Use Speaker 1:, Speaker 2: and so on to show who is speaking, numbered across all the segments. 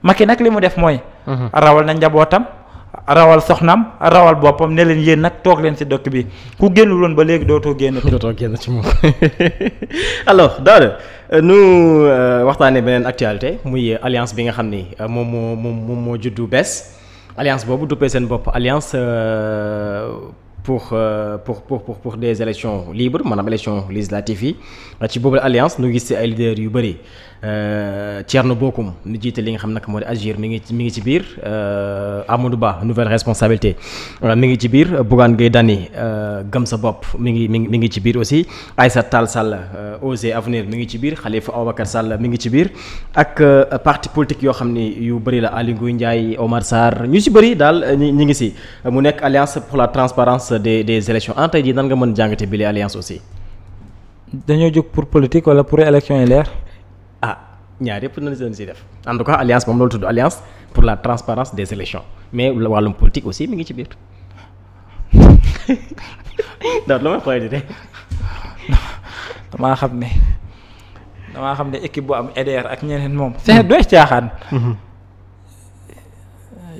Speaker 1: Macky nag li mu def mooy. Mhm. rawal na njabootam rawal soxnam rawal
Speaker 2: boppam ne leen yéen nag toog leen ci dëkk bi ku génnul woon ba léegi dootoo génn. dootoo génn ci moom alors Daouda euh, nu euh, waxtaanee beneen actualité muy euh, alliance bi nga xam ni moom moo moom moo juddu bees alliance boobu duppee seen bopp alliance. Euh, pour pour pour pour des élections libres maanaam élection législative yi ci boobu alliance nu gis ci ay leaders yu bëri euh, Thierno Bocoum nu jiite li nga xam nag moo di agir mi ngi mi ngi ci biir euh, Amadou Ba nouvelle responsabilité mi ngi ci biir Bougane Gueye Dany gëm sa bopp mi ngi mi ngi mi ngi ci biir aussi ay Aïssata Tall Sall Osez Avenir mi ngi ci biir xalifa Ababacar Sall mi ngi ci biir ak parti politique yoo xam ni yu bëri la Aly Ngouille Ndiaye Omar Sarr ñu ci bëri daal ñu ngi si des des élections en tey jii nan nga mën jàngate bi les alliance aussi.
Speaker 1: dañoo jóg pour politique wala pour élection yi leer.
Speaker 2: ah ñaar yëpp nañ si def en tout cas alliance moom loolu tudd alliance pour la transparence des élections mais wàllum politique aussi mi ngi ci biir. donc lu may xool di de.
Speaker 1: damaa xam ne damaa xam ne équipe bu am EDR ak ñeneen moom. fexe mhm. doy caaxaan. Mhm.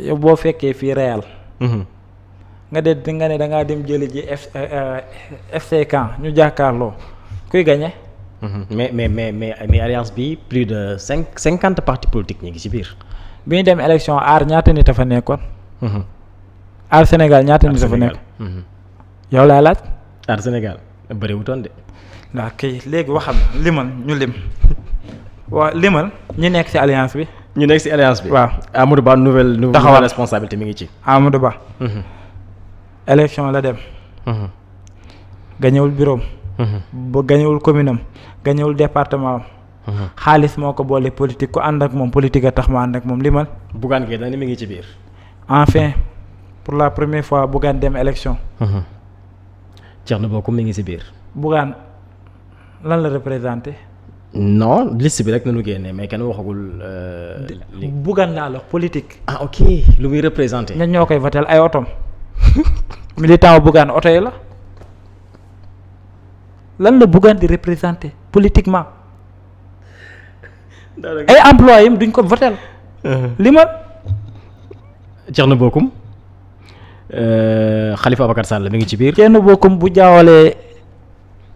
Speaker 1: yow boo fekkee fii réel. Mhm. nga de nga ne da ngaa dem jëli ji FC eh, eh, Caen ñu jàkkaarloo kuy
Speaker 2: gagné. Mhm. mais mais mais mais alliance bi plus de cinq cinquante partis politiques ñu ngi ci biir. bi ñu dem élection aar ñaata nit a fa nekkoon. Mhm. aar Sénégal ñaata
Speaker 1: nit a fa nekk. Mhm. yow laa laaj.
Speaker 2: aar Sénégal bëriwutoon de.
Speaker 1: waaw kay léegi waxam limal ñu lim waa limal ñu nekk ci alliance bi. ñu nekk ci alliance bi. waaw
Speaker 2: Amadou Ba nouvelle nouvelle responsabilité mi ngi ci. Amadou Ba.
Speaker 1: élection la dem. Mhm. gañewul bureau am. Mhm. ba gañewul commune am gañewul département am. Mhm. xaalis moo ko boole politique ku ànd ak moom politique a tax ma ànd ak
Speaker 2: moom limal. Bougane Gueye Dany mu ngi ci biir. enfin pour
Speaker 1: la première fois
Speaker 2: Bougane dem na Thierno Bocoum mi ngi si biir.
Speaker 1: Bougane lan la représenté.
Speaker 2: non liste bi rek nañu génne mais kenn waxagul. Euh, li
Speaker 1: Bougane laa la politique. ah ok lu muy représenté. ñan ñoo koy votel ay otom. militant wu Bougane oto yi la lan la Bougane di représenter politiquement ay emploi yi duñ ko
Speaker 2: lima li na Thierno Bocoum euh, Khalifa Abacar Sall mu ngi ci biir Thierno Bocoum bu jaawalee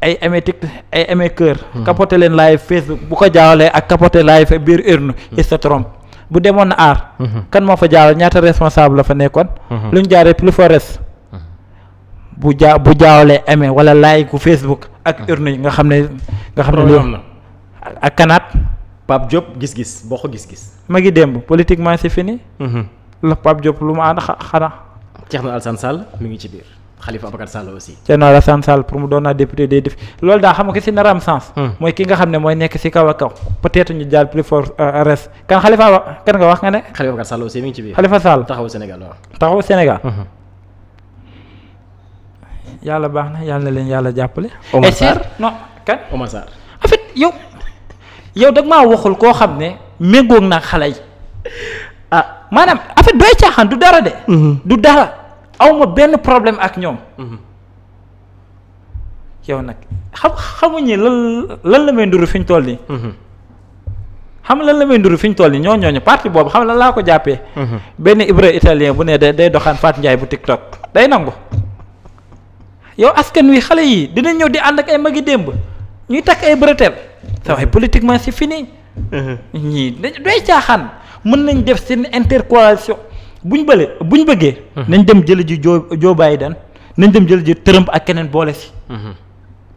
Speaker 2: ay amee tik ay
Speaker 1: amee kër uh-huh. capoté leen laay Facebook bu ko jaawalee ak capoté live biir urne uh-huh. il se bu demoon na aar uh-huh. kan moo fa jaawal ñaata responsable la fa nekkoon lu jaaree plus forest bu jaa bu jaawalee amee wala laay ku Facebook. ak ah. urne yi nga xam ne. nga xam ne loolu
Speaker 2: ak kanaat. Pape Diop gis-gis boo ko gis-gis.
Speaker 1: ma ngi démb politiquement c'est fini. Mhm. la Pape Diop lu mu ànd xanaa. Thierno Alassane Sall mu ngi ci biir Khalifa Abacar Sall aussi. Thierno Alassane Sall pour mu doon naa député day def loolu daa xam nga si nar am sens. Hmm. mooy ki nga xam ne mooy nekk si kaw a kaw. peut-être ñu jaar plus fort euh, res kan Khalifa
Speaker 2: kan nga aussi mi ngi ci biir. Khalifa Sall taxawu Sénégal
Speaker 1: waaw. Hmm.
Speaker 2: yàlla baax na yàlla
Speaker 1: leen yàlla jàppale. Omar Sarr non kan Omar Sarr. en fait yow yow dag maa waxul koo xam ne méngoog naa xale yi ah maanaam en fait doy caaxaan du dara de. Mm-hmm. du dara awma benn problème ak ñoom. Mm-hmm. yow nag xam xamuñu lan lan la may nduru fi ñu toll nii. Mm-hmm. xam lan la may nduru fi ñu toll nii ñoo ñooñu parti boobu xam lan laa ko jàppee. benn Ibra italien bu ne day doxaan Fatou Ndiaye bu TikTok day nangu. yow askan wi xale yi dina ñëw di ànd ak ay mag magi démb ñuy takk ay bretelles sa waxe politiquement c'est fini. Mm-hmm. ñii doy caaxaan mën nañ def seen intercoalition buñ bële buñ bëggee. Mm-hmm. nañ dem jël ji Joe Joe Biden nañ dem jël ji Trump ak keneen boole si. Mm-hmm.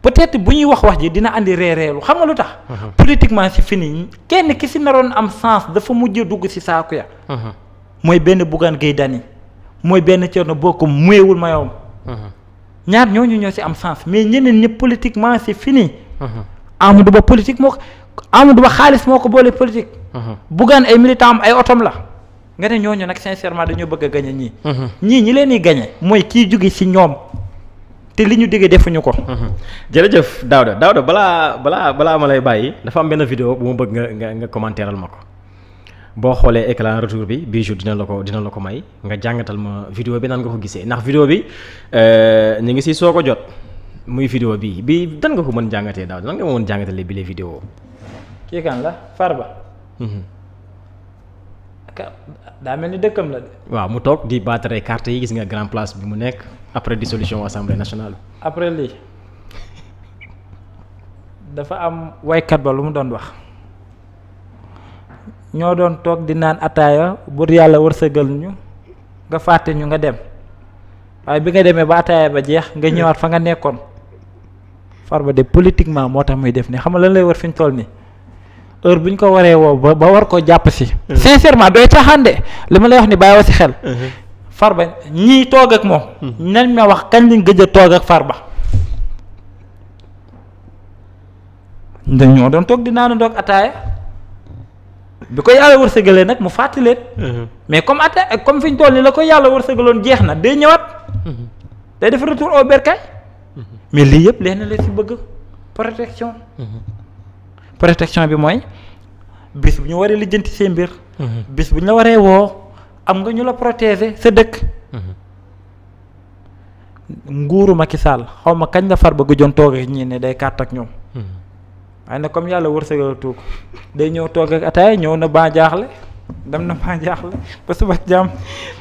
Speaker 1: peut-être bu ñuy wax wax ji dina indi reereelu xam nga lu tax. politiquement c'est fini kenn ki si naroon am sens dafa mujj dugg si saaku ya. mooy benn Bougane Gueye Dany mooy benn Thierno Bocoum muyewul mayoom. ñaar ñooñu ñoo ci am sens mais ñeneen ñëpp politiquement c'est fini. Uh-huh. Amadou Ba politique moo ko Amadou Ba xaalis moo ko boole politique. Uh-huh. Bougane ay militant am ay otom la. nga ne ñooñu nag sincèrement dañoo bëgg a gañe ñii. Uh-huh. ñii ñi leen di gañe mooy
Speaker 2: kii jóge ci ñoom. te li ñu déggee defuñu ko. jërëjëf Daouda Daouda balaa balaa balaa ma bàyyi dafa am benn vidéo bu ma bëgg nga nga nga ma ko. boo xoolee écran retour bi bijou dina la ko dina la ko may nga jàngatal ma vidéo bi nan nga ko gisee ndax vidéo bi ñu euh, ngi si soo ko jot muy vidéo bi bi dan nga ko mën jàngatee daaw dan nga ma mën jàngatalee bi les vidéo
Speaker 1: kii kan la Farba. Mhm. daa mel ni dëkkam la de.
Speaker 2: waaw mu toog di baatare carte yi gis nga grand place bi mu nekk après dissolution assemblée nationale.
Speaker 1: après lii dafa am waykat ba lu mu doon wax. ñoo doon toog di naan ataaya buur yàlla wërsëgal ñu nga fàtte ñu nga dem waaye bi nga demee ba ataaya ba jeex nga hmm. ñëwaat fa nga nekkoon far ba de politiquement moo tax muy def nii xam nga lan lay war fi ñu toll nii heure ko waree woo ba ba war ko jàpp si. Hmm. sincèrement dooy caaxaan li ma lay wax ni bàyyi si xel. Hmm. far ba ñii toog ak moom. nañ ma wax kañ li gëj a toog ak Farba. ñoo doon toog di naan doog ataaya. bi ko yàlla wërsëgalee nag mu fàttali leen. Mhm. mais comme atta comme fi ñu toll nii la ko yàlla wërsëgaloon jeex na day ñëwaat. Mhm. day def retour au mhm. mais lii yëpp leen la si bëgg protection. protection bi mooy bis bu ñu waree lijjanti seen mbir. bis bu ñu la waree woo am nga ñu la protéger sa dëkk. nguuru ki Sall xaw ma kañ la far bëgg jon toogee ñii ne day kàtt ak ñoom. waaye nag comme yàlla wërsëgalatu ko day ñëw toog ak ataaya ñëw na baa jaaxle dem na baa jaaxle ba suba jàmm.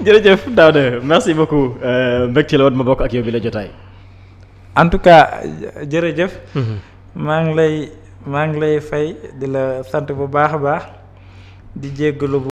Speaker 1: jërëjëf Daouda merci beaucoup euh, mbégte
Speaker 2: la woon ma bokk ak yow bi la jotaay. en tout cas
Speaker 1: jërëjëf. Mhm. maa ngi lay maa ngi lay fay di la sant bu baax a baax di jéggalu